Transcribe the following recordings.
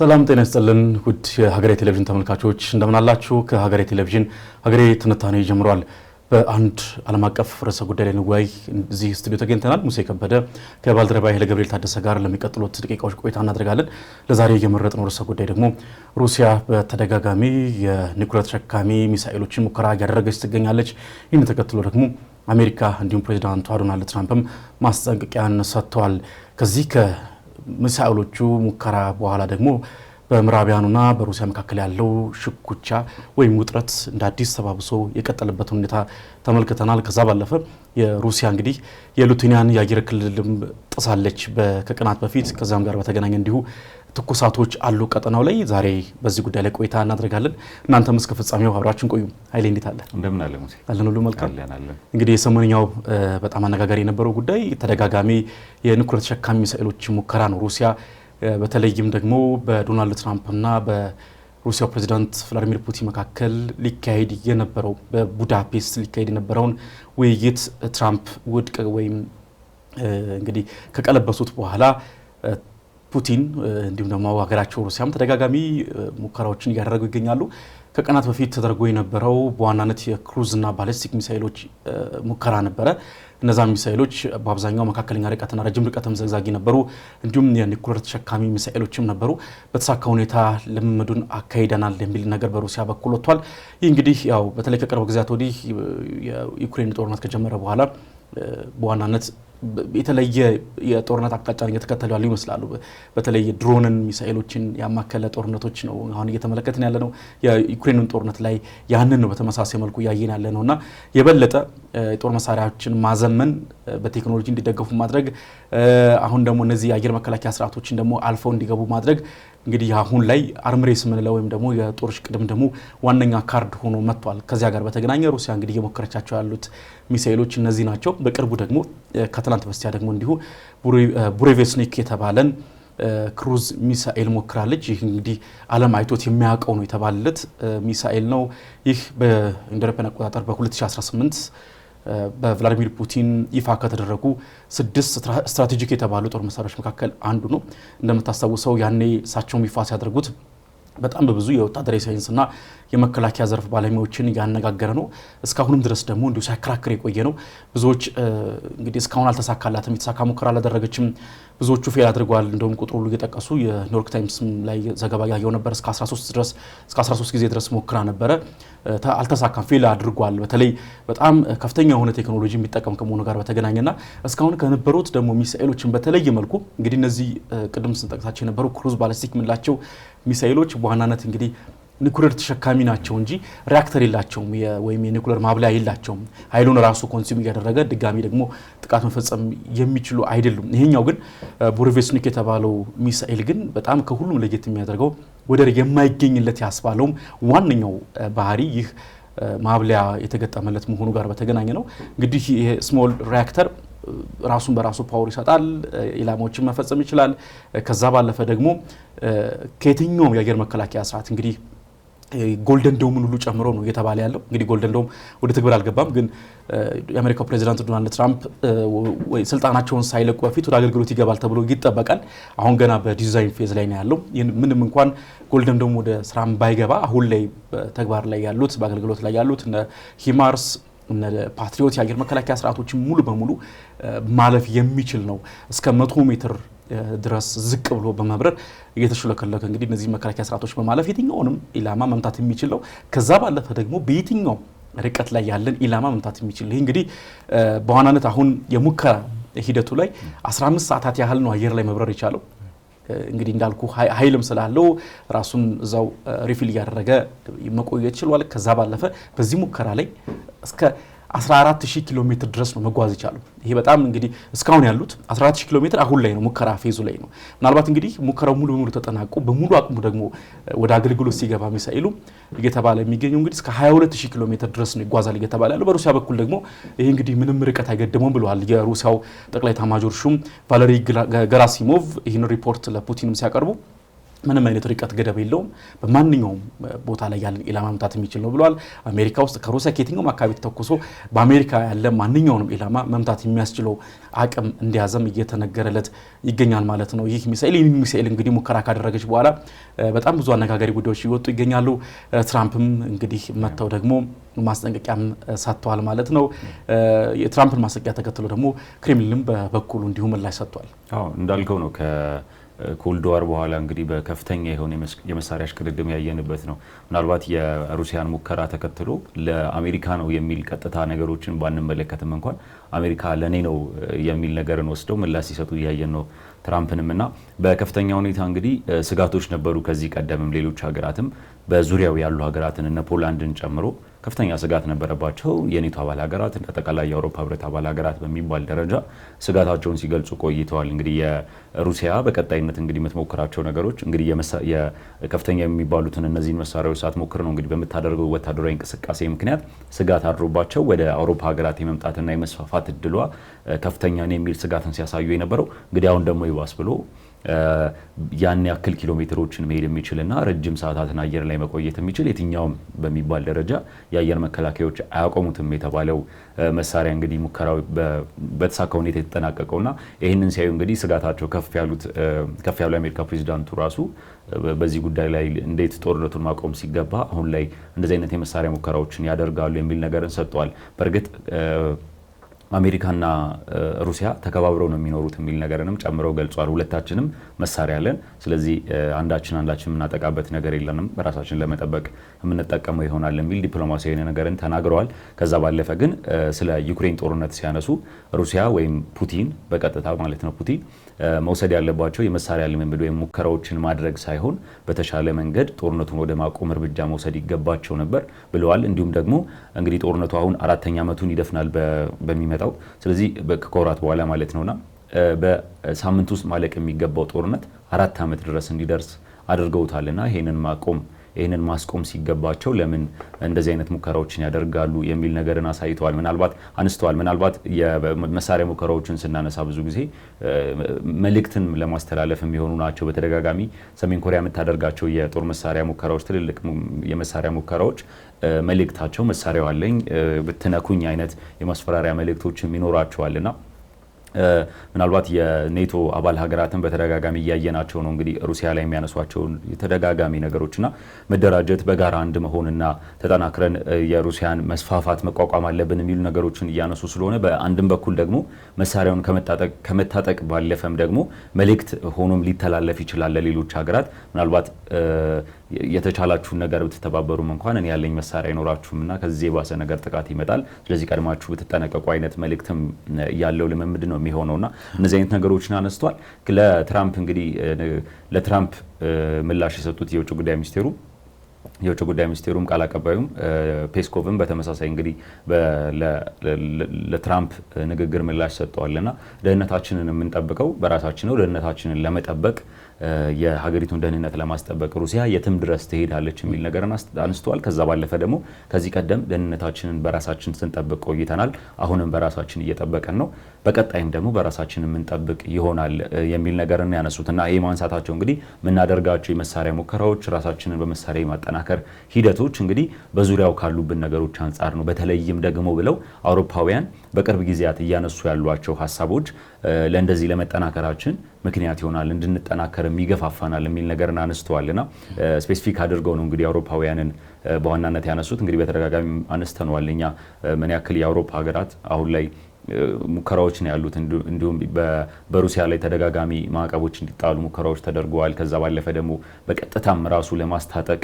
ሰላም ጤና ይስጥልን ውድ የሀገሬ ቴሌቪዥን ተመልካቾች እንደምናላችሁ። ከሀገሬ ቴሌቪዥን ሀገሬ ትንታኔ ጀምሯል። በአንድ ዓለም አቀፍ ርዕሰ ጉዳይ ላይ ንወያይ እዚህ ስቱዲዮ ተገኝተናል። ሙሴ ከበደ ከባልደረባ ኃይለ ገብርኤል ታደሰ ጋር ለሚቀጥሉት ደቂቃዎች ቆይታ እናደርጋለን። ለዛሬ የመረጥነው ርዕሰ ጉዳይ ደግሞ ሩሲያ በተደጋጋሚ የኒኩሌር ተሸካሚ ሚሳኤሎችን ሙከራ እያደረገች ትገኛለች። ይህን ተከትሎ ደግሞ አሜሪካ እንዲሁም ፕሬዚዳንቷ ዶናልድ ትራምፕም ማስጠንቀቂያን ሰጥተዋል። ከዚህ ሚሳኤሎቹ ሙከራ በኋላ ደግሞ በምዕራባውያኑና በሩሲያ መካከል ያለው ሽኩቻ ወይም ውጥረት እንደ አዲስ ተባብሶ የቀጠለበትን ሁኔታ ተመልክተናል። ከዛ ባለፈ የሩሲያ እንግዲህ የሊቱዌኒያን የአየር ክልልም ጥሳለች ከቀናት በፊት። ከዚያም ጋር በተገናኘ እንዲሁ ትኩሳቶች አሉ ቀጠናው ላይ። ዛሬ በዚህ ጉዳይ ላይ ቆይታ እናደርጋለን። እናንተም እስከ ፍጻሜው አብራችን ቆዩ። ኃይሌ እንዴት አለ? እንደምን አለ ሙሴ? አለን ሁሉ መልካም። እንግዲህ የሰሞንኛው በጣም አነጋጋሪ የነበረው ጉዳይ ተደጋጋሚ የንኩረት ተሸካሚ ሚሳኤሎች ሙከራ ነው። ሩሲያ በተለይም ደግሞ በዶናልድ ትራምፕና በሩሲያው ፕሬዚዳንት ቭላዲሚር ፑቲን መካከል ሊካሄድ የነበረው በቡዳፔስት ሊካሄድ የነበረውን ውይይት ትራምፕ ውድቅ ወይም እንግዲህ ከቀለበሱት በኋላ ፑቲን እንዲሁም ደግሞ ሀገራቸው ሩሲያም ተደጋጋሚ ሙከራዎችን እያደረጉ ይገኛሉ። ከቀናት በፊት ተደርጎ የነበረው በዋናነት የክሩዝና ባለስቲክ ሚሳይሎች ሙከራ ነበረ። እነዛ ሚሳይሎች በአብዛኛው መካከለኛ ርቀትና ረጅም ርቀትም ዘግዛጊ ነበሩ። እንዲሁም የኒኩለር ተሸካሚ ሚሳይሎችም ነበሩ። በተሳካ ሁኔታ ልምምዱን አካሂደናል የሚል ነገር በሩሲያ በኩል ወጥቷል። ይህ እንግዲህ ያው በተለይ ከቅርብ ጊዜያት ወዲህ የዩክሬን ጦርነት ከጀመረ በኋላ በዋናነት የተለየ የጦርነት አቅጣጫን እየተከተሉ ያሉ ይመስላሉ። በተለይ ድሮንን፣ ሚሳኤሎችን ያማከለ ጦርነቶች ነው አሁን እየተመለከትን ያለ ነው። የዩክሬንን ጦርነት ላይ ያንን ነው በተመሳሳይ መልኩ እያየን ያለ ነው እና የበለጠ የጦር መሳሪያዎችን ማዘመን፣ በቴክኖሎጂ እንዲደገፉ ማድረግ፣ አሁን ደግሞ እነዚህ የአየር መከላከያ ስርዓቶችን ደግሞ አልፈው እንዲገቡ ማድረግ እንግዲህ አሁን ላይ አርምሬስ የምንለው ወይም ደግሞ የጦሮች ቅድም ደግሞ ዋነኛ ካርድ ሆኖ መጥቷል። ከዚያ ጋር በተገናኘ ሩሲያ እንግዲህ እየሞከረቻቸው ያሉት ሚሳኤሎች እነዚህ ናቸው። በቅርቡ ደግሞ ከትላንት በስቲያ ደግሞ እንዲሁ ቡሬቬስኒክ የተባለን ክሩዝ ሚሳኤል ሞክራለች። ይህ እንግዲህ ዓለም አይቶት የሚያውቀው ነው የተባለለት ሚሳኤል ነው። ይህ በኢንዶሮፓውያን አቆጣጠር በ2018 በቭላዲሚር ፑቲን ይፋ ከተደረጉ ስድስት ስትራቴጂክ የተባሉ ጦር መሳሪያዎች መካከል አንዱ ነው። እንደምታስታውሰው ያኔ እሳቸውም ይፋ ሲያደርጉት በጣም በብዙ የወታደራዊ ሳይንስና የመከላከያ ዘርፍ ባለሙያዎችን ያነጋገረ ነው። እስካሁንም ድረስ ደግሞ እንዲሁ ሲያከራክር የቆየ ነው። ብዙዎች እንግዲህ እስካሁን አልተሳካላትም፣ የተሳካ ሙከራ አላደረገችም፣ ብዙዎቹ ፌል አድርገዋል። እንደውም ቁጥሩ ሁሉ እየጠቀሱ የኒውዮርክ ታይምስ ላይ ዘገባ ያየው ነበር። እስከ 13 ድረስ እስከ 13 ጊዜ ድረስ ሞክራ ነበረ፣ አልተሳካም፣ ፌል አድርጓል። በተለይ በጣም ከፍተኛ የሆነ ቴክኖሎጂ የሚጠቀም ከመሆኑ ጋር በተገናኘና እስካሁን ከነበሩት ደግሞ ሚሳኤሎችን በተለየ መልኩ እንግዲህ እነዚህ ቅድም ስንጠቅሳቸው የነበሩ ክሩዝ ባለስቲክ ምንላቸው ሚሳኤሎች በዋናነት እንግዲህ ኒኩሌር ተሸካሚ ናቸው እንጂ ሪያክተር የላቸውም ወይም የኒኩሌር ማብለያ የላቸውም። ኃይሉን ራሱ ኮንሱም እያደረገ ድጋሚ ደግሞ ጥቃት መፈጸም የሚችሉ አይደሉም። ይሄኛው ግን ቡሪቬስኒክ የተባለው ሚሳኤል ግን በጣም ከሁሉም ለየት የሚያደርገው ወደር የማይገኝለት ያስባለውም ዋነኛው ባህሪ ይህ ማብለያ የተገጠመለት መሆኑ ጋር በተገናኘ ነው። እንግዲህ ይሄ ስሞል ሪያክተር ራሱን በራሱ ፓወር ይሰጣል፣ ኢላማዎችን መፈጸም ይችላል። ከዛ ባለፈ ደግሞ ከየትኛውም የአየር መከላከያ ስርዓት እንግዲህ ጎልደን ዶምን ሁሉ ጨምሮ ነው እየተባለ ያለው። እንግዲህ ጎልደን ዶም ወደ ትግብር አልገባም፣ ግን የአሜሪካው ፕሬዚዳንት ዶናልድ ትራምፕ ስልጣናቸውን ሳይለቁ በፊት ወደ አገልግሎት ይገባል ተብሎ ይጠበቃል። አሁን ገና በዲዛይን ፌዝ ላይ ነው ያለው። ምንም እንኳን ጎልደን ዶም ወደ ስራም ባይገባ አሁን ላይ በተግባር ላይ ያሉት በአገልግሎት ላይ ያሉት እነ ሂማርስ ፓትሪዮት የአየር መከላከያ ስርዓቶችን ሙሉ በሙሉ ማለፍ የሚችል ነው። እስከ መቶ ሜትር ድረስ ዝቅ ብሎ በመብረር እየተሽለከለከ እንግዲህ እነዚህ መከላከያ ስርዓቶች በማለፍ የትኛውንም ኢላማ መምታት የሚችል ነው። ከዛ ባለፈ ደግሞ በየትኛው ርቀት ላይ ያለን ኢላማ መምታት የሚችል ነው። ይህ እንግዲህ በዋናነት አሁን የሙከራ ሂደቱ ላይ 15 ሰዓታት ያህል ነው አየር ላይ መብረር የቻለው። እንግዲህ እንዳልኩ ኃይልም ስላለው ራሱን እዛው ሪፊል እያደረገ መቆየት ችሏል። ከዛ ባለፈ በዚህ ሙከራ ላይ እስከ 14000 ኪሎ ሜትር ድረስ ነው መጓዝ ይቻሉ ይሄ በጣም እንግዲህ እስካሁን ያሉት 14000 ኪሎ ሜትር አሁን ላይ ነው ሙከራ ፌዙ ላይ ነው። ምናልባት እንግዲህ ሙከራው ሙሉ በሙሉ ተጠናቆ በሙሉ አቅሙ ደግሞ ወደ አገልግሎት ሲገባ ሚሳኤሉ እየተባለ የሚገኘው እንግዲህ እስከ 22000 ኪሎ ሜትር ድረስ ነው ይጓዛል እየተባለ ያለው። በሩሲያ በኩል ደግሞ ይሄ እንግዲህ ምንም ርቀት አይገድመውም ብለዋል የሩሲያው ጠቅላይ ታማጆር ሹም ቫለሪ ገራሲሞቭ ይህን ሪፖርት ለፑቲንም ሲያቀርቡ ምንም አይነት ርቀት ገደብ የለውም። በማንኛውም ቦታ ላይ ያለን ኢላማ መምታት የሚችል ነው ብለዋል። አሜሪካ ውስጥ ከሩሲያ ከየትኛውም አካባቢ ተተኩሶ በአሜሪካ ያለ ማንኛውንም ኢላማ መምታት የሚያስችለው አቅም እንዲያዘም እየተነገረለት ይገኛል ማለት ነው። ይህ ሚሳኤል ይህ ሚሳኤል እንግዲህ ሙከራ ካደረገች በኋላ በጣም ብዙ አነጋጋሪ ጉዳዮች ይወጡ ይገኛሉ። ትራምፕም እንግዲህ መጥተው ደግሞ ማስጠንቀቂያም ሰጥተዋል ማለት ነው። የትራምፕን ማስጠንቀቂያ ተከትሎ ደግሞ ክሬምሊንም በበኩሉ እንዲሁ ምላሽ ሰጥቷል። እንዳልከው ነው ኮልዶዋር በኋላ እንግዲህ በከፍተኛ የሆነ የመሳሪያ ሽቅድድም ያየንበት ነው። ምናልባት የሩሲያን ሙከራ ተከትሎ ለአሜሪካ ነው የሚል ቀጥታ ነገሮችን ባንመለከትም እንኳን አሜሪካ ለእኔ ነው የሚል ነገርን ወስደው ምላሽ ሲሰጡ እያየን ነው። ትራምፕንም እና በከፍተኛ ሁኔታ እንግዲህ ስጋቶች ነበሩ። ከዚህ ቀደምም ሌሎች ሀገራትም በዙሪያው ያሉ ሀገራትን እነ ፖላንድን ጨምሮ ከፍተኛ ስጋት ነበረባቸው። የኔቶ አባል ሀገራት አጠቃላይ የአውሮፓ ህብረት አባል ሀገራት በሚባል ደረጃ ስጋታቸውን ሲገልጹ ቆይተዋል። እንግዲህ የሩሲያ በቀጣይነት እንግዲህ የምትሞክራቸው ነገሮች እንግዲህ ከፍተኛ የሚባሉትን እነዚህን መሳሪያዎች ሳትሞክር ነው እንግዲህ በምታደርገው ወታደራዊ እንቅስቃሴ ምክንያት ስጋት አድሮባቸው ወደ አውሮፓ ሀገራት የመምጣትና የመስፋፋት እድሏ ከፍተኛ ነው የሚል ስጋትን ሲያሳዩ የነበረው እንግዲህ አሁን ደግሞ ይባስ ብሎ ያን ያክል ኪሎ ሜትሮችን መሄድ የሚችልና ረጅም ሰዓታትን አየር ላይ መቆየት የሚችል የትኛውም በሚባል ደረጃ የአየር መከላከያዎች አያቆሙትም የተባለው መሳሪያ እንግዲህ ሙከራው በተሳካ ሁኔታ የተጠናቀቀውና ይህንን ሲያዩ እንግዲህ ስጋታቸው ከፍ ያሉት ከፍ ያሉ የአሜሪካ ፕሬዚዳንቱ ራሱ በዚህ ጉዳይ ላይ እንዴት ጦርነቱን ማቆም ሲገባ አሁን ላይ እንደዚህ አይነት የመሳሪያ ሙከራዎችን ያደርጋሉ የሚል ነገርን ሰጥተዋል። በእርግጥ አሜሪካና ሩሲያ ተከባብረው ነው የሚኖሩት የሚል ነገርንም ጨምረው ገልጿል። ሁለታችንም መሳሪያ አለን፣ ስለዚህ አንዳችን አንዳችን የምናጠቃበት ነገር የለንም፣ ራሳችን ለመጠበቅ የምንጠቀመው ይሆናል የሚል ዲፕሎማሲያዊ ነገርን ተናግረዋል። ከዛ ባለፈ ግን ስለ ዩክሬን ጦርነት ሲያነሱ ሩሲያ ወይም ፑቲን በቀጥታ ማለት ነው ፑቲን መውሰድ ያለባቸው የመሳሪያ ልምምድ ወይም ሙከራዎችን ማድረግ ሳይሆን በተሻለ መንገድ ጦርነቱን ወደ ማቆም እርምጃ መውሰድ ይገባቸው ነበር ብለዋል። እንዲሁም ደግሞ እንግዲህ ጦርነቱ አሁን አራተኛ ዓመቱን ይደፍናል በሚመጣው ስለዚህ ከወራት በኋላ ማለት ነውና በሳምንት ውስጥ ማለቅ የሚገባው ጦርነት አራት ዓመት ድረስ እንዲደርስ አድርገውታልና ይሄንን ማቆም ይህንን ማስቆም ሲገባቸው ለምን እንደዚህ አይነት ሙከራዎችን ያደርጋሉ የሚል ነገርን አሳይተዋል። ምናልባት አንስተዋል። ምናልባት የመሳሪያ ሙከራዎችን ስናነሳ ብዙ ጊዜ መልእክትን ለማስተላለፍ የሚሆኑ ናቸው። በተደጋጋሚ ሰሜን ኮሪያ የምታደርጋቸው የጦር መሳሪያ ሙከራዎች፣ ትልልቅ የመሳሪያ ሙከራዎች መልእክታቸው መሳሪያው አለኝ ብትነኩኝ አይነት የማስፈራሪያ መልእክቶችም ይኖራቸዋልና ምናልባት የኔቶ አባል ሀገራትን በተደጋጋሚ እያየናቸው ነው። እንግዲህ ሩሲያ ላይ የሚያነሷቸውን የተደጋጋሚ ነገሮችና መደራጀት፣ በጋራ አንድ መሆንና ተጠናክረን የሩሲያን መስፋፋት መቋቋም አለብን የሚሉ ነገሮችን እያነሱ ስለሆነ በአንድም በኩል ደግሞ መሳሪያውን ከመታጠቅ ባለፈም ደግሞ መልእክት ሆኖም ሊተላለፍ ይችላል ለሌሎች ሀገራት ምናልባት የተቻላችሁን ነገር ብትተባበሩም እንኳን እኔ ያለኝ መሳሪያ አይኖራችሁም እና ከዚህ የባሰ ነገር ጥቃት ይመጣል፣ ስለዚህ ቀድማችሁ ብትጠነቀቁ አይነት መልእክትም ያለው ልምምድ ነው የሚሆነው እና እነዚህ አይነት ነገሮችን አነስቷል። ለትራምፕ እንግዲህ ለትራምፕ ምላሽ የሰጡት የውጭ ጉዳይ ሚኒስቴሩ የውጭ ጉዳይ ሚኒስቴሩም ቃል አቀባዩም ፔስኮቭም በተመሳሳይ እንግዲህ ለትራምፕ ንግግር ምላሽ ሰጥተዋል ደህንነታችንን የምንጠብቀው በራሳችን ነው፣ ደህንነታችንን ለመጠበቅ የሀገሪቱን ደህንነት ለማስጠበቅ ሩሲያ የትም ድረስ ትሄዳለች የሚል ነገርን አንስተዋል። ከዛ ባለፈ ደግሞ ከዚህ ቀደም ደህንነታችንን በራሳችን ስንጠብቅ ቆይተናል። አሁንም በራሳችን እየጠበቀን ነው። በቀጣይም ደግሞ በራሳችን የምንጠብቅ ይሆናል የሚል ነገርን ያነሱት እና ይህ ማንሳታቸው እንግዲህ የምናደርጋቸው የመሳሪያ ሙከራዎች፣ ራሳችንን በመሳሪያ የማጠናከር ሂደቶች እንግዲህ በዙሪያው ካሉብን ነገሮች አንጻር ነው። በተለይም ደግሞ ብለው አውሮፓውያን በቅርብ ጊዜያት እያነሱ ያሏቸው ሀሳቦች ለእንደዚህ ለመጠናከራችን ምክንያት ይሆናል፣ እንድንጠናከርም ይገፋፋናል የሚል ነገርን አነስተዋልና ስፔሲፊክ አድርገው ነው እንግዲህ አውሮፓውያንን በዋናነት ያነሱት። እንግዲህ በተደጋጋሚ አነስተነዋል እኛ ምን ያክል የአውሮፓ ሀገራት አሁን ላይ ሙከራዎች ነው ያሉት። እንዲሁም በሩሲያ ላይ ተደጋጋሚ ማዕቀቦች እንዲጣሉ ሙከራዎች ተደርገዋል። ከዛ ባለፈ ደግሞ በቀጥታም ራሱ ለማስታጠቅ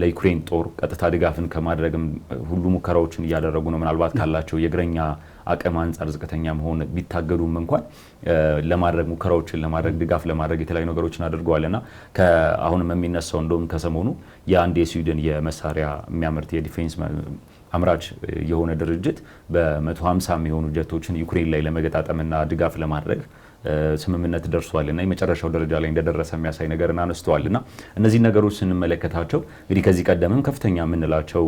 ለዩክሬን ጦር ቀጥታ ድጋፍን ከማድረግም ሁሉ ሙከራዎችን እያደረጉ ነው። ምናልባት ካላቸው የእግረኛ አቅም አንጻር ዝቅተኛ መሆን ቢታገዱም እንኳን ለማድረግ ሙከራዎችን ለማድረግ ድጋፍ ለማድረግ የተለያዩ ነገሮችን አድርገዋል እና አሁንም የሚነሳው እንደውም ከሰሞኑ የአንድ የስዊድን የመሳሪያ የሚያመርት የዲፌንስ አምራች የሆነ ድርጅት በ150 የሚሆኑ ጀቶችን ዩክሬን ላይ ለመገጣጠምና ድጋፍ ለማድረግ ስምምነት ደርሷል እና የመጨረሻው ደረጃ ላይ እንደደረሰ የሚያሳይ ነገርን አነስተዋል እና እነዚህ ነገሮች ስንመለከታቸው እንግዲህ ከዚህ ቀደምም ከፍተኛ የምንላቸው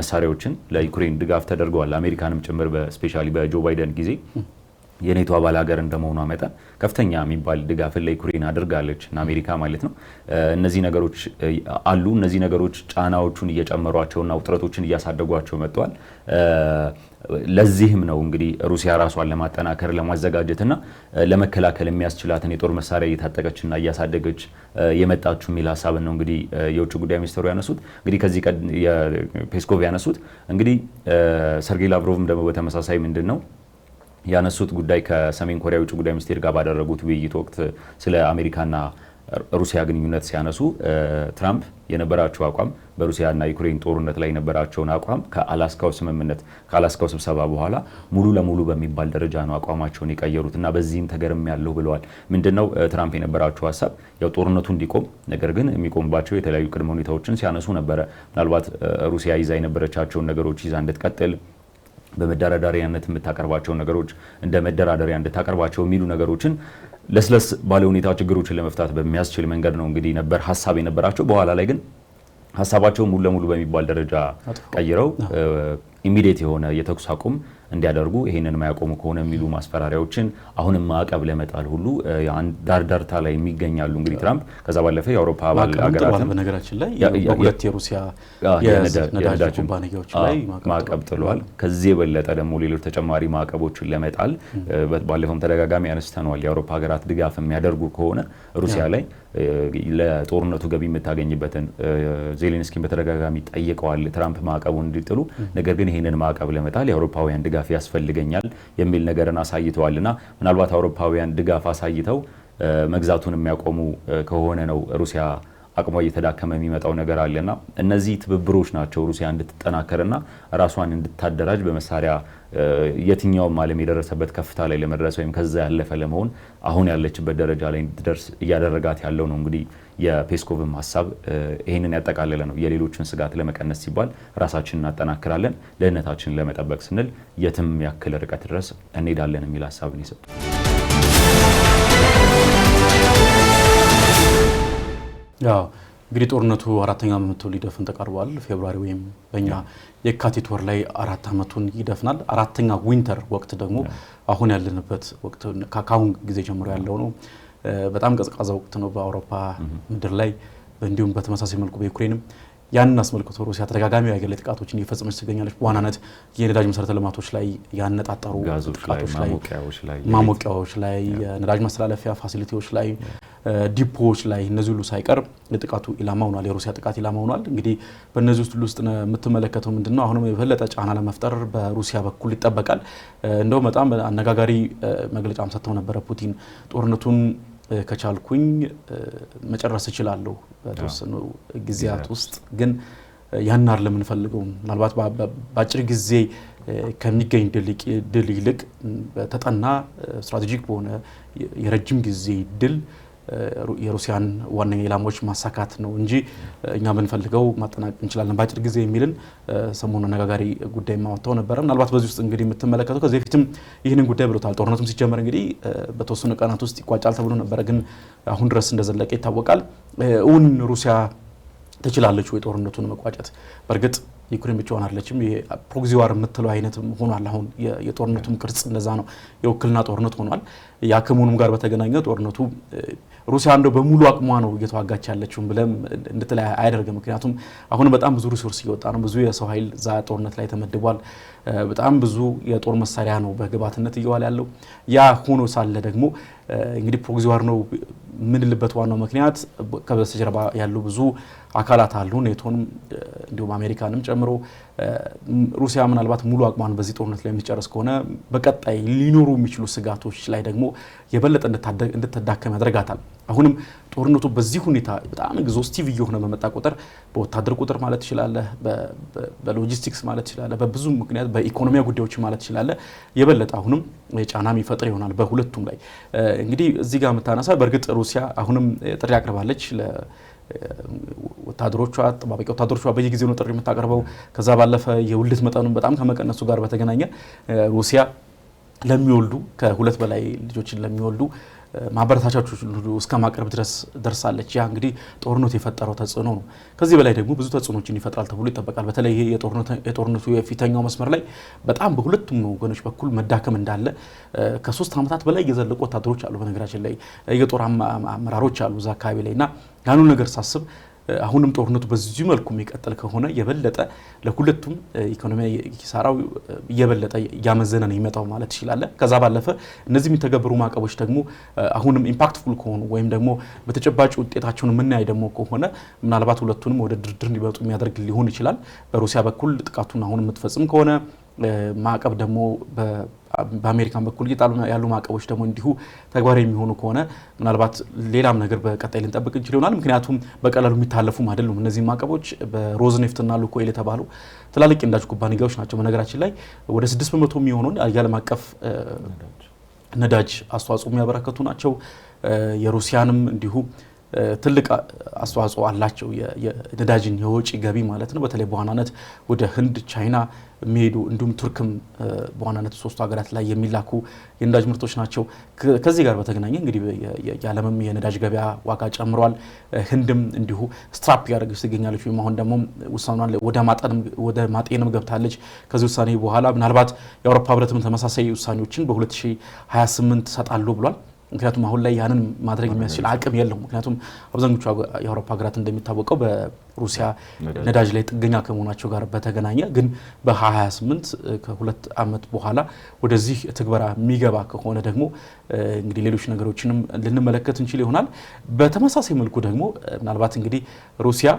መሳሪያዎችን ለዩክሬን ድጋፍ ተደርገዋል። አሜሪካንም ጭምር በስፔሻሊ በጆ ባይደን ጊዜ የኔቶ አባል ሀገር እንደመሆኗ መጠን ከፍተኛ የሚባል ድጋፍን ለዩክሬን አድርጋለች አሜሪካ ማለት ነው። እነዚህ ነገሮች አሉ። እነዚህ ነገሮች ጫናዎቹን እየጨመሯቸውና ውጥረቶችን እያሳደጓቸው መጥተዋል። ለዚህም ነው እንግዲህ ሩሲያ ራሷን ለማጠናከር ለማዘጋጀትና ለመከላከል የሚያስችላትን የጦር መሳሪያ እየታጠቀችና እያሳደገች የመጣችሁ የሚል ሀሳብን ነው እንግዲህ የውጭ ጉዳይ ሚኒስትሩ ያነሱት። እንግዲህ ከዚህ ፔስኮቭ ያነሱት እንግዲህ ሰርጌይ ላቭሮቭም ደግሞ በተመሳሳይ ምንድን ነው ያነሱት ጉዳይ ከሰሜን ኮሪያ የውጭ ጉዳይ ሚኒስቴር ጋር ባደረጉት ውይይት ወቅት ስለ አሜሪካና ሩሲያ ግንኙነት ሲያነሱ ትራምፕ የነበራቸው አቋም በሩሲያና ዩክሬን ጦርነት ላይ የነበራቸውን አቋም ከአላስካው ስምምነት ከአላስካው ስብሰባ በኋላ ሙሉ ለሙሉ በሚባል ደረጃ ነው አቋማቸውን የቀየሩት እና በዚህም ተገርም ያለው ብለዋል። ምንድነው ትራምፕ የነበራቸው ሀሳብ? ያው ጦርነቱ እንዲቆም ነገር ግን የሚቆምባቸው የተለያዩ ቅድመ ሁኔታዎችን ሲያነሱ ነበረ። ምናልባት ሩሲያ ይዛ የነበረቻቸውን ነገሮች ይዛ እንድትቀጥል በመደራዳሪያነት የምታቀርባቸው ነገሮች እንደ መደራደሪያ እንድታቀርባቸው የሚሉ ነገሮችን ለስለስ ባለ ሁኔታ ችግሮችን ለመፍታት በሚያስችል መንገድ ነው እንግዲህ ነበር ሀሳብ የነበራቸው። በኋላ ላይ ግን ሀሳባቸው ሙሉ ለሙሉ በሚባል ደረጃ ቀይረው ኢሚዲየት የሆነ የተኩስ አቁም እንዲያደርጉ ይህንን የማያቆሙ ከሆነ የሚሉ ማስፈራሪያዎችን አሁንም ማዕቀብ ለመጣል ሁሉ ዳርዳርታ ላይ የሚገኛሉ እንግዲህ ትራምፕ። ከዛ ባለፈ የአውሮፓ አባል ሀገራትም በነገራችን ላይ በሁለት የሩሲያ የነዳጅ ኩባንያዎች ላይ ማዕቀብ ጥሏል። ከዚህ የበለጠ ደግሞ ሌሎች ተጨማሪ ማዕቀቦችን ለመጣል ባለፈውም ተደጋጋሚ ያነስተነዋል። የአውሮፓ ሀገራት ድጋፍ የሚያደርጉ ከሆነ ሩሲያ ላይ ለጦርነቱ ገቢ የምታገኝበትን ዜሌንስኪን በተደጋጋሚ ጠይቀዋል ትራምፕ ማዕቀቡ እንዲጥሉ። ነገር ግን ይህንን ማዕቀብ ለመጣል የአውሮፓውያን ድጋፍ ድጋፍ ያስፈልገኛል የሚል ነገርን አሳይተዋል እና ምናልባት አውሮፓውያን ድጋፍ አሳይተው መግዛቱን የሚያቆሙ ከሆነ ነው ሩሲያ አቅሟ እየተዳከመ የሚመጣው ነገር አለና እነዚህ ትብብሮች ናቸው ሩሲያ እንድትጠናከርና ራሷን እንድታደራጅ በመሳሪያ የትኛውም ዓለም የደረሰበት ከፍታ ላይ ለመድረስ ወይም ከዛ ያለፈ ለመሆን አሁን ያለችበት ደረጃ ላይ እንድትደርስ እያደረጋት ያለው ነው። እንግዲህ የፔስኮቭም ሀሳብ ይህንን ያጠቃለለ ነው። የሌሎችን ስጋት ለመቀነስ ሲባል ራሳችን እናጠናክራለን፣ ደህንነታችንን ለመጠበቅ ስንል የትም ያክል ርቀት ድረስ እንሄዳለን የሚል ሀሳብን ይሰጡ እንግዲህ ጦርነቱ አራተኛ ዓመቱ ሊደፍን ተቃርቧል። ፌብሩዋሪ ወይም በእኛ የካቲት ወር ላይ አራት ዓመቱን ይደፍናል። አራተኛ ዊንተር ወቅት ደግሞ አሁን ያለንበት ወቅት ከአሁን ጊዜ ጀምሮ ያለው ነው። በጣም ቀዝቃዛ ወቅት ነው በአውሮፓ ምድር ላይ እንዲሁም በተመሳሳይ መልኩ በዩክሬንም ያንን አስመልክቶ ሩሲያ ተደጋጋሚ የአየር ላይ ጥቃቶችን እየፈጸመች ትገኛለች። በዋናነት የነዳጅ መሰረተ ልማቶች ላይ ያነጣጠሩ ጥቃቶች ላይ፣ ማሞቂያዎች ላይ፣ የነዳጅ ማስተላለፊያ ፋሲሊቲዎች ላይ፣ ዲፖዎች ላይ እነዚህ ሁሉ ሳይቀር የጥቃቱ ኢላማ ሆኗል። የሩሲያ ጥቃት ኢላማ ሆኗል። እንግዲህ በእነዚህ ውስጥ ውስጥ የምትመለከተው ምንድን ነው? አሁንም የበለጠ ጫና ለመፍጠር በሩሲያ በኩል ይጠበቃል። እንደውም በጣም አነጋጋሪ መግለጫም ሰጥተው ነበረ ፑቲን ጦርነቱን ከቻልኩኝ መጨረስ እችላለሁ በተወሰኑ ጊዜያት ውስጥ ግን ያን አር ለምንፈልገው ምናልባት በአጭር ጊዜ ከሚገኝ ድል ይልቅ በተጠና ስትራቴጂክ በሆነ የረጅም ጊዜ ድል የሩሲያን ዋነኛ ኢላማዎች ማሳካት ነው እንጂ እኛ ብንፈልገው ማጠናቀቅ እንችላለን በአጭር ጊዜ የሚልን ሰሞኑ አነጋጋሪ ጉዳይ ማወጣው ነበረ። ምናልባት በዚህ ውስጥ እንግዲህ የምትመለከተው ከዚህ በፊትም ይህንን ጉዳይ ብሎታል። ጦርነቱም ሲጀመር እንግዲህ በተወሰኑ ቀናት ውስጥ ይቋጫል ተብሎ ነበረ፣ ግን አሁን ድረስ እንደዘለቀ ይታወቃል። እውን ሩሲያ ትችላለች ወይ ጦርነቱን መቋጨት? በእርግጥ ዩክሬን ብቻ ሆናለችም ፕሮክሲ ዋር የምትለው አይነት ሆኗል። አሁን የጦርነቱም ቅርጽ እንደዛ ነው። የውክልና ጦርነት ሆኗል። የአክሙንም ጋር በተገናኘ ጦርነቱ ሩሲያ እንደው በሙሉ አቅሟ ነው እየተዋጋች ያለችውን ብለም እንድትል አያደርግም። ምክንያቱም አሁን በጣም ብዙ ሪሶርስ እየወጣ ነው። ብዙ የሰው ኃይል እዛ ጦርነት ላይ ተመድቧል። በጣም ብዙ የጦር መሳሪያ ነው በግብዓትነት እየዋለ ያለው። ያ ሆኖ ሳለ ደግሞ እንግዲህ ፕሮክሲ ዋር ነው የምንልበት ዋናው ምክንያት ከበስተጀርባ ያሉ ብዙ አካላት አሉ። ኔቶን እንዲሁም አሜሪካንም ጨምሮ ሩሲያ ምናልባት ሙሉ አቅሟን በዚህ ጦርነት ላይ የምትጨርስ ከሆነ በቀጣይ ሊኖሩ የሚችሉ ስጋቶች ላይ ደግሞ የበለጠ እንድትዳከም ያደርጋታል። አሁንም ጦርነቱ በዚህ ሁኔታ በጣም ኤግዞስቲቭ እየሆነ በመጣ ቁጥር በወታደር ቁጥር ማለት ትችላለህ፣ በሎጂስቲክስ ማለት ትችላለህ፣ በብዙ ምክንያት በኢኮኖሚያ ጉዳዮች ማለት ትችላለህ የበለጠ አሁንም ጫና የሚፈጥር ይሆናል በሁለቱም ላይ እንግዲህ እዚህ ጋር የምታነሳ በእርግጥ ሩሲያ አሁንም ጥሪ አቅርባለች ወታደሮቿ ጠባቂ ወታደሮቿ በየጊዜው ነው ጥሪ የምታቀርበው። ከዛ ባለፈ የውልደት መጠኑ በጣም ከመቀነሱ ጋር በተገናኘ ሩሲያ ለሚወልዱ ከሁለት በላይ ልጆችን ለሚወልዱ ማበረታቻዎች እስከ ማቅረብ ድረስ ደርሳለች። ያ እንግዲህ ጦርነቱ የፈጠረው ተጽዕኖ ነው። ከዚህ በላይ ደግሞ ብዙ ተጽዕኖችን ይፈጥራል ተብሎ ይጠበቃል። በተለይ ይህ የጦርነቱ የፊተኛው መስመር ላይ በጣም በሁለቱም ወገኖች በኩል መዳከም እንዳለ ከሶስት ዓመታት በላይ የዘለቁ ወታደሮች አሉ፣ በነገራችን ላይ የጦር አመራሮች አሉ እዛ አካባቢ ላይ እና ያኑ ነገር ሳስብ አሁንም ጦርነቱ በዚሁ መልኩ የሚቀጥል ከሆነ የበለጠ ለሁለቱም ኢኮኖሚያዊ ኪሳራው እየበለጠ እያመዘነ ነው ይመጣው ማለት ይችላለ። ከዛ ባለፈ እነዚህ የሚተገበሩ ማዕቀቦች ደግሞ አሁንም ኢምፓክትፉል ከሆኑ ወይም ደግሞ በተጨባጭ ውጤታቸውን የምናይ ደግሞ ከሆነ ምናልባት ሁለቱንም ወደ ድርድር እንዲመጡ የሚያደርግ ሊሆን ይችላል። በሩሲያ በኩል ጥቃቱን አሁን የምትፈጽም ከሆነ ማዕቀብ ደግሞ በአሜሪካን በኩል እየጣሉ ያሉ ማዕቀቦች ደግሞ እንዲሁ ተግባራዊ የሚሆኑ ከሆነ ምናልባት ሌላም ነገር በቀጣይ ልንጠብቅ እንችል ይሆናል። ምክንያቱም በቀላሉ የሚታለፉም አይደሉም። እነዚህ ማዕቀቦች በሮዝኔፍትና ሉኮይል የተባሉ ትላልቅ የነዳጅ ኩባንያዎች ናቸው። በነገራችን ላይ ወደ ስድስት በመቶ የሚሆኑን የዓለም አቀፍ ነዳጅ አስተዋጽኦ የሚያበረከቱ ናቸው። የሩሲያንም እንዲሁ ትልቅ አስተዋጽኦ አላቸው። የነዳጅን የወጪ ገቢ ማለት ነው። በተለይ በዋናነት ወደ ህንድ፣ ቻይና የሚሄዱ እንዲሁም ቱርክም በዋናነት ሶስቱ ሀገራት ላይ የሚላኩ የነዳጅ ምርቶች ናቸው። ከዚህ ጋር በተገናኘ እንግዲህ የዓለምም የነዳጅ ገበያ ዋጋ ጨምሯል። ህንድም እንዲሁ ስትራፕ ያደረገች ትገኛለች። ወይም አሁን ደግሞ ውሳኗን ወደ ማጤንም ገብታለች። ከዚህ ውሳኔ በኋላ ምናልባት የአውሮፓ ህብረትም ተመሳሳይ ውሳኔዎችን በ2028 ሰጣሉ ብሏል። ምክንያቱም አሁን ላይ ያንን ማድረግ የሚያስችል አቅም የለውም። ምክንያቱም አብዛኞቹ የአውሮፓ ሀገራት እንደሚታወቀው በሩሲያ ነዳጅ ላይ ጥገኛ ከመሆናቸው ጋር በተገናኘ ግን በ 28 ከሁለት ዓመት በኋላ ወደዚህ ትግበራ የሚገባ ከሆነ ደግሞ እንግዲህ ሌሎች ነገሮችንም ልንመለከት እንችል ይሆናል። በተመሳሳይ መልኩ ደግሞ ምናልባት እንግዲህ ሩሲያ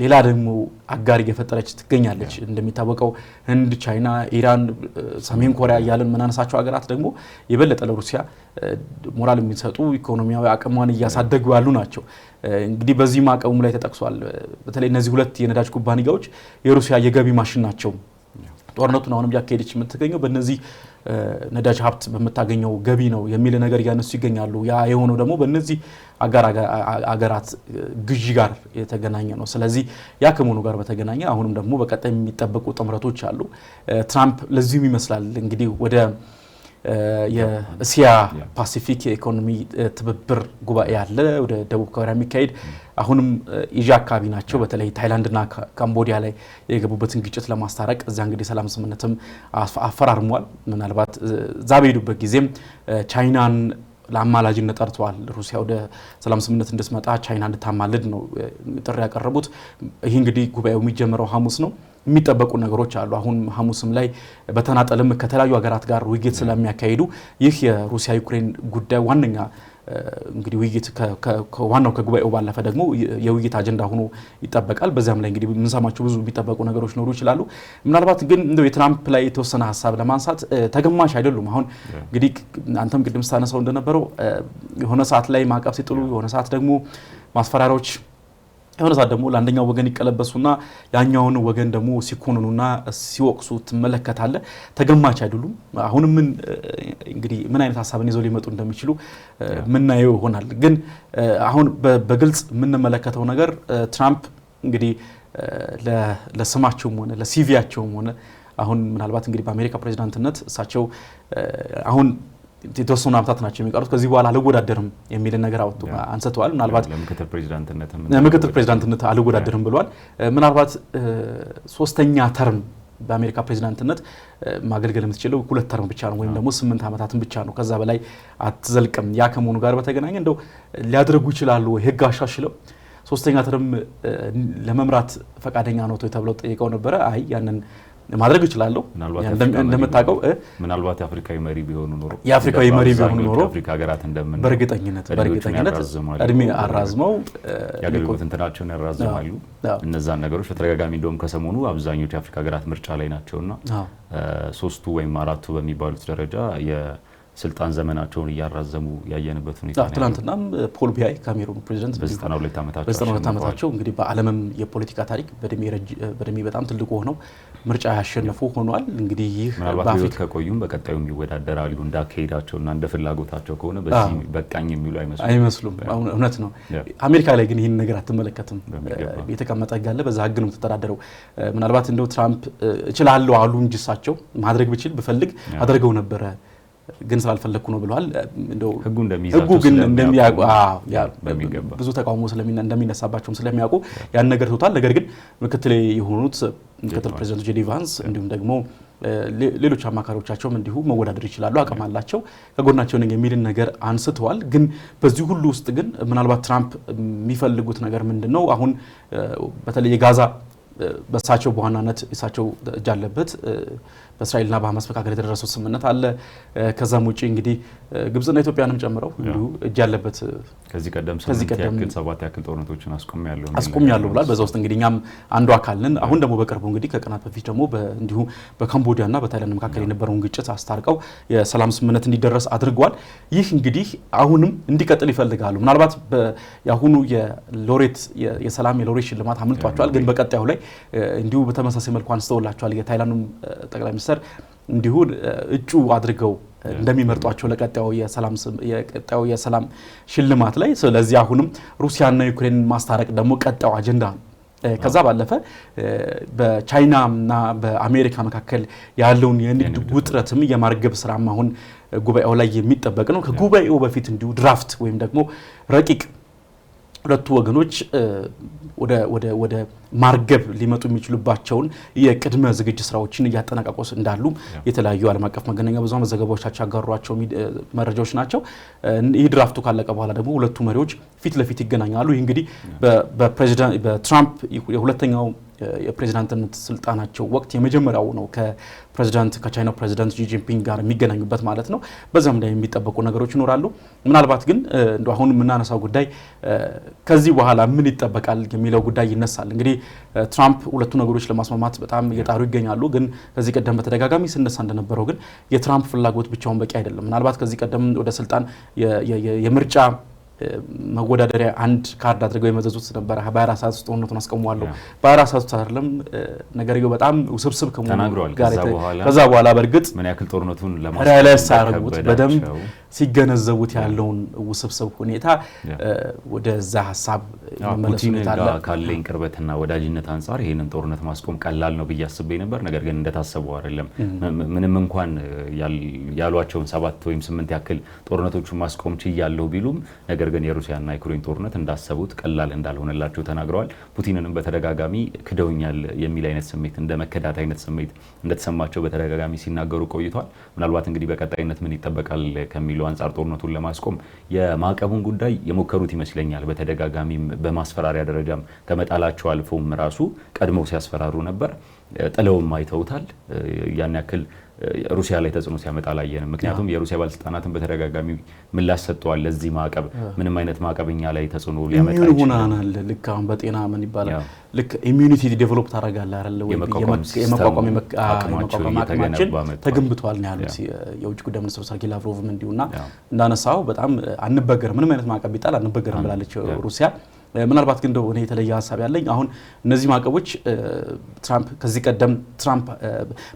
ሌላ ደግሞ አጋር እየፈጠረች ትገኛለች። እንደሚታወቀው ህንድ፣ ቻይና፣ ኢራን፣ ሰሜን ኮሪያ እያለን ምናነሳቸው ሀገራት ደግሞ የበለጠ ለሩሲያ ሞራል የሚሰጡ ኢኮኖሚያዊ አቅሟን እያሳደጉ ያሉ ናቸው። እንግዲህ በዚህ ማዕቀቡ ላይ ተጠቅሷል። በተለይ እነዚህ ሁለት የነዳጅ ኩባንያዎች የሩሲያ የገቢ ማሽን ናቸው። ጦርነቱን አሁንም እያካሄደች የምትገኘው በእነዚህ ነዳጅ ሀብት በምታገኘው ገቢ ነው የሚል ነገር እያነሱ ይገኛሉ። ያ የሆነው ደግሞ በእነዚህ አገራት ግዢ ጋር የተገናኘ ነው። ስለዚህ ያ ከመሆኑ ጋር በተገናኘ አሁንም ደግሞ በቀጣይ የሚጠበቁ ጥምረቶች አሉ። ትራምፕ ለዚሁም ይመስላል እንግዲህ ወደ የእስያ ፓሲፊክ የኢኮኖሚ ትብብር ጉባኤ አለ ወደ ደቡብ ኮሪያ የሚካሄድ አሁንም ኢዣ አካባቢ ናቸው። በተለይ ታይላንድና ካምቦዲያ ላይ የገቡበትን ግጭት ለማስታረቅ እዚያ እንግዲህ ሰላም ስምምነትም አፈራርሟል። ምናልባት እዛ በሄዱበት ጊዜም ቻይናን ለአማላጅነት ጠርተዋል። ሩሲያ ወደ ሰላም ስምምነት እንድትመጣ ቻይና እንድታማልድ ነው ጥሪ ያቀረቡት። ይህ እንግዲህ ጉባኤው የሚጀምረው ሐሙስ ነው። የሚጠበቁ ነገሮች አሉ። አሁን ሐሙስም ላይ በተናጠልም ከተለያዩ ሀገራት ጋር ውይይት ስለሚያካሂዱ ይህ የሩሲያ ዩክሬን ጉዳይ ዋነኛ እንግዲህ ውይይት ዋናው ከጉባኤው ባለፈ ደግሞ የውይይት አጀንዳ ሆኖ ይጠበቃል። በዚያም ላይ እንግዲህ የምንሰማቸው ብዙ የሚጠበቁ ነገሮች ሊኖሩ ይችላሉ። ምናልባት ግን እንደው የትራምፕ ላይ የተወሰነ ሀሳብ ለማንሳት ተገማሽ አይደሉም። አሁን እንግዲህ አንተም ቅድም ስታነሳው እንደነበረው የሆነ ሰዓት ላይ ማዕቀብ ሲጥሉ፣ የሆነ ሰዓት ደግሞ ማስፈራሪያዎች የሆነ ሰዓት ደግሞ ለአንደኛው ወገን ይቀለበሱና ያኛውን ወገን ደግሞ ሲኮንኑና ሲወቅሱ ትመለከታለ። ተገማች አይደሉም። አሁን ምን እንግዲህ ምን አይነት ሀሳብን ይዘው ሊመጡ እንደሚችሉ ምናየው ይሆናል። ግን አሁን በግልጽ የምንመለከተው ነገር ትራምፕ እንግዲህ ለስማቸውም ሆነ ለሲቪያቸውም ሆነ አሁን ምናልባት እንግዲህ በአሜሪካ ፕሬዚዳንትነት እሳቸው አሁን የተወሰኑ ዓመታት ናቸው የሚቀሩት ከዚህ በኋላ አልወዳደርም የሚልን ነገር አወጡ አንስተዋል። ምናልባት ምክትል ፕሬዚዳንትነት አልወዳደርም ብሏል። ምናልባት ሶስተኛ ተርም በአሜሪካ ፕሬዚዳንትነት ማገልገል የምትችለው ሁለት ተርም ብቻ ነው፣ ወይም ደግሞ ስምንት ዓመታትን ብቻ ነው። ከዛ በላይ አትዘልቅም። ያ ከመሆኑ ጋር በተገናኘ እንደው ሊያደርጉ ይችላሉ ወይ ህግ አሻሽለው ሶስተኛ ተርም ለመምራት ፈቃደኛ ነው ተብለው ጠይቀው ነበረ። አይ ያንን ማድረግ እችላለሁ። እንደምታውቀው ምናልባት የአፍሪካዊ መሪ ቢሆኑ ኖሮ የአፍሪካዊ መሪ ቢሆኑ ኖሮ አፍሪካ ሀገራት እንደምን በእርግጠኝነት በእርግጠኝነት እድሜ አራዝመው የአገልግሎት እንትናቸውን ያራዝማሉ። እነዛን ነገሮች በተደጋጋሚ እንደውም ከሰሞኑ አብዛኞቹ የአፍሪካ ሀገራት ምርጫ ላይ ናቸውና ሶስቱ ወይም አራቱ በሚባሉት ደረጃ ስልጣን ዘመናቸውን እያራዘሙ ያየንበት ሁኔታ ትናንትናም ፖል ቢያ ካሜሩን ፕሬዚደንት በ ሁለት ዓመታቸው እንግዲህ በዓለምም የፖለቲካ ታሪክ በእድሜ በጣም ትልቁ ሆነው ምርጫ ያሸነፉ ሆኗል። እንግዲህ ይህ ምናልባት ከቆዩም በቀጣዩም ይወዳደራሉ እንዳካሄዳቸውና እንደ ፍላጎታቸው ከሆነ በዚህ በቃኝ የሚሉ አይመስሉም። እውነት ነው። አሜሪካ ላይ ግን ይህን ነገር አትመለከትም። የተቀመጠ ህግ አለ፣ በዛ ህግ ነው የምትተዳደረው። ምናልባት እንደው ትራምፕ እችላለሁ አሉ እንጂ እሳቸው ማድረግ ብችል ብፈልግ አድርገው ነበረ ግን ስላልፈለግኩ ነው ብለዋል። ህጉ ግን ብዙ ተቃውሞ እንደሚነሳባቸውም ስለሚያውቁ ያን ነገር ትቶታል። ነገር ግን ምክትል የሆኑት ምክትል ፕሬዚደንቱ ጄዲ ቫንስ እንዲሁም ደግሞ ሌሎች አማካሪዎቻቸውም እንዲሁ መወዳደር ይችላሉ፣ አቅም አላቸው፣ ከጎናቸው ነኝ የሚልን ነገር አንስተዋል። ግን በዚህ ሁሉ ውስጥ ግን ምናልባት ትራምፕ የሚፈልጉት ነገር ምንድን ነው? አሁን በተለይ የጋዛ በሳቸው በዋናነት እሳቸው እጅ አለበት በእስራኤልና በሀማስ መካከል የተደረሰው ስምምነት አለ። ከዛም ውጭ እንግዲህ ግብጽና ኢትዮጵያንም ጨምረው እንዲሁ እጅ ያለበት ከዚህ ቀደም ሰባት ያክል ጦርነቶችን አስቆም ያለው ብሏል። በዛ ውስጥ እንግዲህ እኛም አንዱ አካል ነን። አሁን ደግሞ በቅርቡ እንግዲህ ከቀናት በፊት ደግሞ እንዲሁ በካምቦዲያና በታይላንድ መካከል የነበረውን ግጭት አስታርቀው የሰላም ስምምነት እንዲደረስ አድርጓል። ይህ እንግዲህ አሁንም እንዲቀጥል ይፈልጋሉ። ምናልባት የአሁኑ የሎሬት የሰላም የሎሬት ሽልማት አምልጧቸዋል፣ ግን በቀጣዩ ላይ እንዲሁ በተመሳሳይ መልኩ አንስተውላቸዋል። የታይላንዱ ጠቅላይ ሚኒስትር አስር እንዲሁ እጩ አድርገው እንደሚመርጧቸው ለቀጣዩ የሰላም ሽልማት ላይ። ስለዚህ አሁንም ሩሲያና ዩክሬን ማስታረቅ ደግሞ ቀጣዩ አጀንዳ ነው። ከዛ ባለፈ በቻይናና በአሜሪካ መካከል ያለውን የንግድ ውጥረትም የማርገብ ስራም አሁን ጉባኤው ላይ የሚጠበቅ ነው። ከጉባኤው በፊት እንዲሁ ድራፍት ወይም ደግሞ ረቂቅ ሁለቱ ወገኖች ወደ ማርገብ ሊመጡ የሚችሉባቸውን የቅድመ ዝግጅት ስራዎችን እያጠናቀቁ እንዳሉ የተለያዩ ዓለም አቀፍ መገናኛ ብዙኃን መዘገባዎቻቸው ያጋሯቸው መረጃዎች ናቸው። ይህ ድራፍቱ ካለቀ በኋላ ደግሞ ሁለቱ መሪዎች ፊት ለፊት ይገናኛሉ። ይህ እንግዲህ በትራምፕ የሁለተኛው የፕሬዚዳንትነት ስልጣናቸው ወቅት የመጀመሪያው ነው ከፕሬዚዳንት ከቻይናው ፕሬዚዳንት ጂጂንፒንግ ጋር የሚገናኙበት ማለት ነው። በዛም ላይ የሚጠበቁ ነገሮች ይኖራሉ። ምናልባት ግን እንደ አሁን የምናነሳው ጉዳይ ከዚህ በኋላ ምን ይጠበቃል የሚለው ጉዳይ ይነሳል። እንግዲህ ትራምፕ ሁለቱ ነገሮች ለማስማማት በጣም እየጣሩ ይገኛሉ። ግን ከዚህ ቀደም በተደጋጋሚ ስነሳ እንደነበረው ግን የትራምፕ ፍላጎት ብቻውን በቂ አይደለም። ምናልባት ከዚህ ቀደም ወደ ስልጣን የምርጫ መወዳደሪያ አንድ ካርድ አድርገው የመዘዙት ነበረ። በአራት ሰዓት ውስጥ ጦርነቱን አስቆመዋለሁ። በአራት ሰዓት ውስጥ አይደለም ነገርየው በጣም ውስብስብ ከመሆኑ ጋር ከዛ በኋላ በእርግጥ ምን ያክል ጦርነቱን ለማስቆም በደንብ ሲገነዘቡት ያለውን ውስብስብ ሁኔታ ወደዛ ሀሳብ ፑቲን ካለኝ ቅርበትና ወዳጅነት አንጻር ይህንን ጦርነት ማስቆም ቀላል ነው ብዬ አስቤ ነበር። ነገር ግን እንደታሰበው አይደለም። ምንም እንኳን ያሏቸውን ሰባት ወይም ስምንት ያክል ጦርነቶቹን ማስቆም ችያለሁ ቢሉም ነገር ግን የሩሲያና የዩክሬን ጦርነት እንዳሰቡት ቀላል እንዳልሆነላቸው ተናግረዋል። ፑቲንንም በተደጋጋሚ ክደውኛል የሚል አይነት ስሜት እንደ መከዳት አይነት ስሜት እንደተሰማቸው በተደጋጋሚ ሲናገሩ ቆይቷል። ምናልባት እንግዲህ በቀጣይነት ምን ይጠበቃል ከሚሉ ከሚለው አንጻር ጦርነቱን ለማስቆም የማዕቀቡን ጉዳይ የሞከሩት ይመስለኛል። በተደጋጋሚም በማስፈራሪያ ደረጃም ከመጣላቸው አልፎም ራሱ ቀድመው ሲያስፈራሩ ነበር። ጥለውም አይተውታል። ያን ያክል ሩሲያ ላይ ተጽዕኖ ሲያመጣ አላየንም። ምክንያቱም የሩሲያ ባለስልጣናትን በተደጋጋሚ ምላሽ ሰጥተዋል። ለዚህ ማዕቀብ ምንም አይነት ማዕቀብ እኛ ላይ ተጽዕኖ ሊያመጣ ይችላል። ልክ አሁን በጤና ምን ይባላል ልክ ኢሚኒቲ ዴቨሎፕ ታደርጋለህ አይደለ? የመቋቋም አቅማችን ነው ያሉት የውጭ ጉዳይ ሰርጌይ ላቭሮቭም እንዲሁና እንዳነሳው በጣም አንበገር ምንም አይነት ማዕቀብ ቢጣል አንበገርም ብላለች ሩሲያ። ምናልባት ግን እንደሆነ የተለየ ሀሳብ ያለኝ አሁን እነዚህ ማዕቀቦች ትራምፕ ከዚህ ቀደም ትራምፕ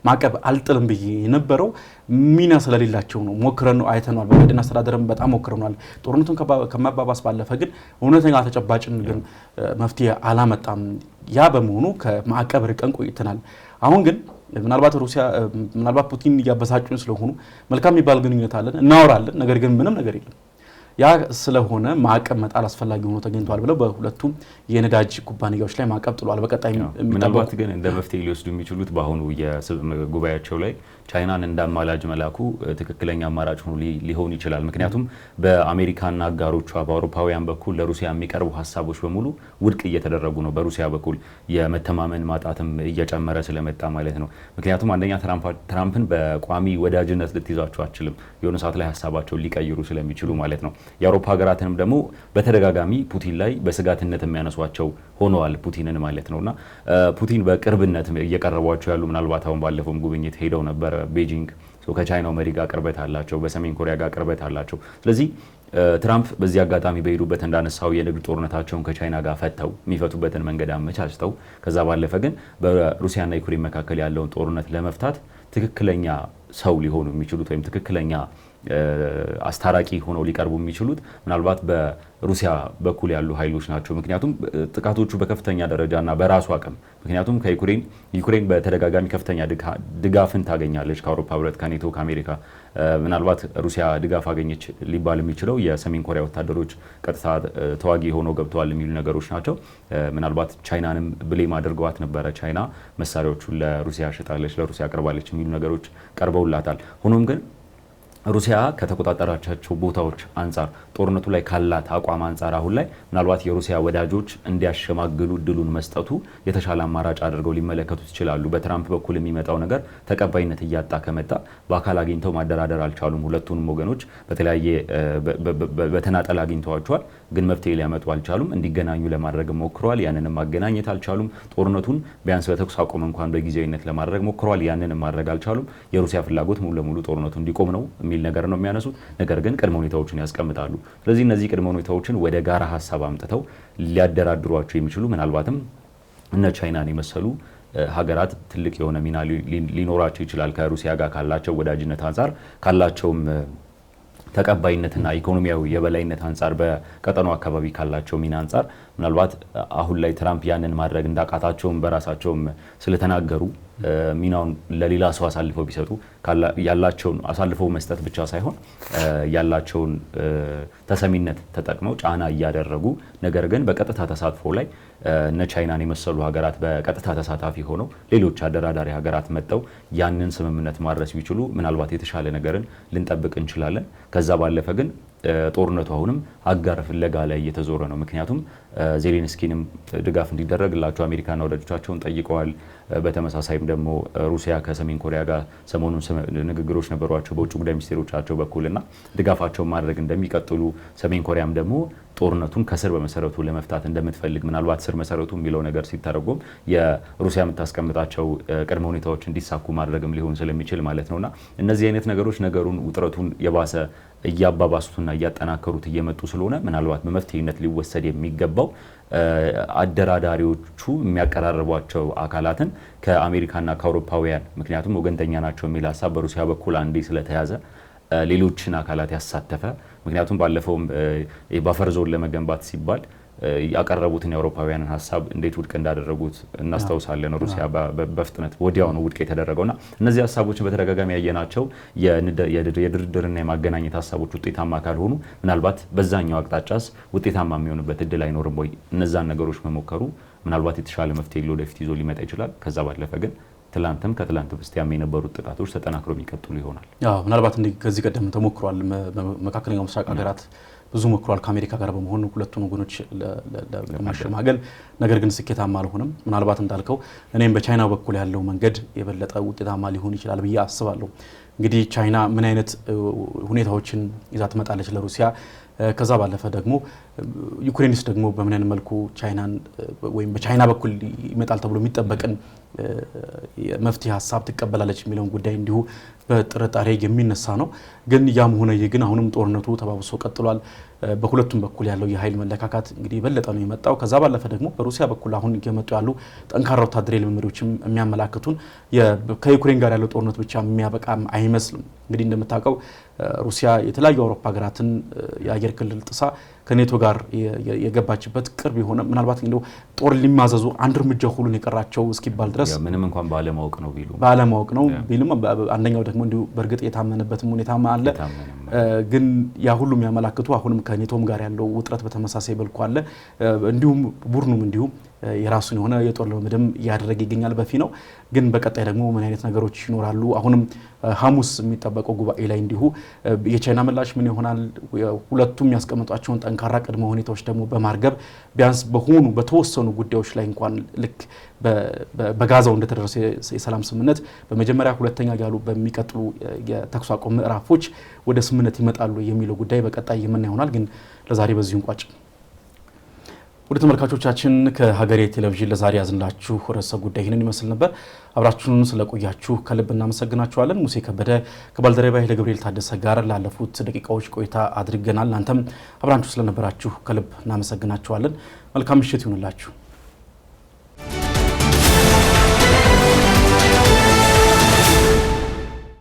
ማዕቀብ አልጥልም ብዬ የነበረው ሚና ስለሌላቸው ነው። ሞክረን ነው አይተነዋል። በባይደን አስተዳደርም በጣም ሞክረናል። ጦርነቱን ከማባባስ ባለፈ ግን እውነተኛ ተጨባጭን ግን መፍትሄ አላመጣም። ያ በመሆኑ ከማዕቀብ ርቀን ቆይተናል። አሁን ግን ምናልባት ሩሲያ ምናልባት ፑቲን እያበሳጩን ስለሆኑ መልካም የሚባል ግንኙነት አለን፣ እናወራለን። ነገር ግን ምንም ነገር የለም። ያ ስለሆነ ማዕቀብ መጣል አስፈላጊ ሆኖ ተገኝቷል ብለው በሁለቱም የነዳጅ ኩባንያዎች ላይ ማዕቀብ ጥሏል። በቀጣይ ምናልባት ግን እንደ መፍትሄ ሊወስዱ የሚችሉት በአሁኑ የስብ ጉባኤያቸው ላይ ቻይናን እንደ አማላጅ መላኩ ትክክለኛ አማራጭ ሆኖ ሊሆን ይችላል። ምክንያቱም በአሜሪካና አጋሮቿ በአውሮፓውያን በኩል ለሩሲያ የሚቀርቡ ሀሳቦች በሙሉ ውድቅ እየተደረጉ ነው። በሩሲያ በኩል የመተማመን ማጣትም እየጨመረ ስለመጣ ማለት ነው። ምክንያቱም አንደኛ ትራምፕን በቋሚ ወዳጅነት ልትይዛቸው አችልም፣ የሆነ ሰዓት ላይ ሀሳባቸው ሊቀይሩ ስለሚችሉ ማለት ነው። የአውሮፓ ሀገራትንም ደግሞ በተደጋጋሚ ፑቲን ላይ በስጋትነት የሚያነሷቸው ሆነዋል፣ ፑቲንን ማለት ነው እና ፑቲን በቅርብነት እየቀረቧቸው ያሉ ምናልባት አሁን ባለፈውም ጉብኝት ሄደው ነበር። ከቤጂንግ ከቻይናው መሪ ጋር ቅርበት አላቸው፣ በሰሜን ኮሪያ ጋር ቅርበት አላቸው። ስለዚህ ትራምፕ በዚህ አጋጣሚ በሄዱበት እንዳነሳው የንግድ ጦርነታቸውን ከቻይና ጋር ፈተው የሚፈቱበትን መንገድ አመቻችተው ከዛ ባለፈ ግን በሩሲያና ዩክሬን መካከል ያለውን ጦርነት ለመፍታት ትክክለኛ ሰው ሊሆኑ የሚችሉት ወይም ትክክለኛ አስታራቂ ሆነው ሊቀርቡ የሚችሉት ምናልባት በሩሲያ በኩል ያሉ ኃይሎች ናቸው። ምክንያቱም ጥቃቶቹ በከፍተኛ እና በራሱ አቅም ምክንያቱም ከዩክሬን ዩክሬን በተደጋጋሚ ከፍተኛ ድጋፍን ታገኛለች ከአውሮፓ ህብረት፣ ከኔቶ፣ ከአሜሪካ ምናልባት ሩሲያ ድጋፍ አገኘች ሊባል የሚችለው የሰሜን ኮሪያ ወታደሮች ቀጥታ ተዋጊ ሆነው ገብተዋል የሚሉ ነገሮች ናቸው። ምናልባት ቻይናንም ብሌም አድርገዋት ነበረ። ቻይና መሳሪያዎቹን ለሩሲያ ሸጣለች፣ ለሩሲያ አቅርባለች የሚሉ ነገሮች ቀርበውላታል። ሆኖም ግን ሩሲያ ከተቆጣጠራቻቸው ቦታዎች አንጻር ጦርነቱ ላይ ካላት አቋም አንጻር አሁን ላይ ምናልባት የሩሲያ ወዳጆች እንዲያሸማግሉ እድሉን መስጠቱ የተሻለ አማራጭ አድርገው ሊመለከቱት ይችላሉ። በትራምፕ በኩል የሚመጣው ነገር ተቀባይነት እያጣ ከመጣ በአካል አግኝተው ማደራደር አልቻሉም። ሁለቱንም ወገኖች በተለያየ በተናጠል አግኝተዋቸዋል። ግን መፍትሄ ሊያመጡ አልቻሉም። እንዲገናኙ ለማድረግ ሞክረዋል። ያንንም ማገናኘት አልቻሉም። ጦርነቱን ቢያንስ በተኩስ አቁም እንኳን በጊዜያዊነት ለማድረግ ሞክረዋል። ያንንም ማድረግ አልቻሉም። የሩሲያ ፍላጎት ሙሉ ለሙሉ ጦርነቱ እንዲቆም ነው የሚል ነገር ነው የሚያነሱት። ነገር ግን ቅድመ ሁኔታዎችን ያስቀምጣሉ። ስለዚህ እነዚህ ቅድመ ሁኔታዎችን ወደ ጋራ ሀሳብ አምጥተው ሊያደራድሯቸው የሚችሉ ምናልባትም እነ ቻይናን የመሰሉ ሀገራት ትልቅ የሆነ ሚና ሊኖራቸው ይችላል። ከሩሲያ ጋር ካላቸው ወዳጅነት አንጻር ካላቸውም ተቀባይነትና ኢኮኖሚያዊ የበላይነት አንጻር በቀጠኖ አካባቢ ካላቸው ሚና አንጻር ምናልባት አሁን ላይ ትራምፕ ያንን ማድረግ እንዳቃታቸውም በራሳቸውም ስለተናገሩ ሚናውን ለሌላ ሰው አሳልፈው ቢሰጡ ያላቸውን አሳልፈው መስጠት ብቻ ሳይሆን ያላቸውን ተሰሚነት ተጠቅመው ጫና እያደረጉ ነገር ግን በቀጥታ ተሳትፎ ላይ እነ ቻይናን የመሰሉ ሀገራት በቀጥታ ተሳታፊ ሆነው ሌሎች አደራዳሪ ሀገራት መጠው ያንን ስምምነት ማድረስ ቢችሉ ምናልባት የተሻለ ነገርን ልንጠብቅ እንችላለን። ከዛ ባለፈ ግን ጦርነቱ አሁንም አጋር ፍለጋ ላይ እየተዞረ ነው። ምክንያቱም ዜሌንስኪንም ድጋፍ እንዲደረግላቸው አሜሪካና ወዳጆቻቸውን ጠይቀዋል። በተመሳሳይም ደግሞ ሩሲያ ከሰሜን ኮሪያ ጋር ሰሞኑን ንግግሮች ነበሯቸው በውጭ ጉዳይ ሚኒስቴሮቻቸው በኩል እና ድጋፋቸውን ማድረግ እንደሚቀጥሉ ሰሜን ኮሪያም ደግሞ ጦርነቱን ከስር በመሰረቱ ለመፍታት እንደምትፈልግ ምናልባት ስር መሰረቱ የሚለው ነገር ሲተረጎም የሩሲያ የምታስቀምጣቸው ቅድመ ሁኔታዎች እንዲሳኩ ማድረግም ሊሆን ስለሚችል ማለት ነውና እነዚህ አይነት ነገሮች ነገሩን ውጥረቱን የባሰ እያባባሱትና እያጠናከሩት እየመጡ ስለሆነ ምናልባት በመፍትሄነት ሊወሰድ የሚገባው አደራዳሪዎቹ የሚያቀራርቧቸው አካላትን ከአሜሪካና ከአውሮፓውያን ምክንያቱም ወገንተኛ ናቸው የሚል ሀሳብ በሩሲያ በኩል አንዴ ስለተያዘ ሌሎችን አካላት ያሳተፈ ምክንያቱም ባለፈውም የባፈር ዞን ለመገንባት ሲባል ያቀረቡትን የአውሮፓውያንን ሀሳብ እንዴት ውድቅ እንዳደረጉት እናስታውሳለን። ሩሲያ በፍጥነት ወዲያው ነው ውድቅ የተደረገውና እነዚህ ሀሳቦችን በተደጋጋሚ ያየናቸው የድርድርና የማገናኘት ሀሳቦች ውጤታማ ካልሆኑ ምናልባት በዛኛው አቅጣጫስ ውጤታማ የሚሆንበት እድል አይኖርም ወይ? እነዛን ነገሮች መሞከሩ ምናልባት የተሻለ መፍትሄ ወደፊት ይዞ ሊመጣ ይችላል። ከዛ ባለፈ ግን ትላንትም ከትላንት በስቲያም የነበሩት ጥቃቶች ተጠናክሮ የሚቀጥሉ ይሆናል። ምናልባት እንዲህ ከዚህ ቀደም ተሞክሯል። መካከለኛው ምስራቅ ሀገራት ብዙ ሞክሯል ከአሜሪካ ጋር በመሆን ሁለቱን ወገኖች ለማሸማገል ነገር ግን ስኬታማ አልሆነም። ምናልባት እንዳልከው እኔም በቻይና በኩል ያለው መንገድ የበለጠ ውጤታማ ሊሆን ይችላል ብዬ አስባለሁ። እንግዲህ ቻይና ምን አይነት ሁኔታዎችን ይዛ ትመጣለች ለሩሲያ ከዛ ባለፈ ደግሞ ዩክሬንስ ደግሞ በምን አይነት መልኩ ቻይናን ወይም በቻይና በኩል ይመጣል ተብሎ የሚጠበቅን መፍትሄ ሀሳብ ትቀበላለች የሚለውን ጉዳይ እንዲሁ በጥርጣሬ የሚነሳ ነው። ግን ያም ሆነ ይህ ግን አሁንም ጦርነቱ ተባብሶ ቀጥሏል። በሁለቱም በኩል ያለው የኃይል መለካካት እንግዲህ የበለጠ ነው የመጣው። ከዛ ባለፈ ደግሞ በሩሲያ በኩል አሁን እየመጡ ያሉ ጠንካራ ወታደራዊ ልምምዶችም የሚያመላክቱን ከዩክሬን ጋር ያለው ጦርነት ብቻ የሚያበቃም አይመስልም። እንግዲህ እንደምታውቀው ሩሲያ የተለያዩ አውሮፓ ሀገራትን የአየር ክልል ጥሳ ከኔቶ ጋር የገባችበት ቅርብ የሆነ ምናልባት እንደው ጦር ሊማዘዙ አንድ እርምጃ ሁሉን የቀራቸው እስኪባል ድረስ ምንም እንኳን ባለማወቅ ነው ቢሉ ባለማወቅ ነው ቢሉም አንደኛው ደግሞ እንዲሁ በእርግጥ የታመነበትም ሁኔታ አለ። ግን ያ ሁሉ የሚያመላክቱ አሁንም ከኔቶም ጋር ያለው ውጥረት በተመሳሳይ በልኩ አለ። እንዲሁም ቡድኑም እንዲሁም የራሱን የሆነ የጦር ልምምድም እያደረገ ይገኛል። በፊ ነው ግን በቀጣይ ደግሞ ምን አይነት ነገሮች ይኖራሉ? አሁንም ሐሙስ የሚጠበቀው ጉባኤ ላይ እንዲሁ የቻይና ምላሽ ምን ይሆናል? ሁለቱም ያስቀመጧቸውን ጠንካራ ቅድመ ሁኔታዎች ደግሞ በማርገብ ቢያንስ በሆኑ በተወሰኑ ጉዳዮች ላይ እንኳን ልክ በጋዛው እንደተደረሰ የሰላም ስምምነት በመጀመሪያ ሁለተኛ ያሉ በሚቀጥሉ የተኩስ አቁም ምዕራፎች ወደ ስምምነት ይመጣሉ የሚለው ጉዳይ በቀጣይ የምናይ ይሆናል። ግን ለዛሬ በዚሁ እንቋጭ። ወደ ተመልካቾቻችን ከሀገሬ ቴሌቪዥን ለዛሬ ያዝንላችሁ ርዕሰ ጉዳይ ይህንን ይመስል ነበር። አብራችሁን ስለቆያችሁ ከልብ እናመሰግናችኋለን። ሙሴ ከበደ ከባልደረባ ኃይለ ገብርኤል ታደሰ ጋር ላለፉት ደቂቃዎች ቆይታ አድርገናል። እናንተም አብራችሁ ስለነበራችሁ ከልብ እናመሰግናችኋለን። መልካም ምሽት ይሁንላችሁ።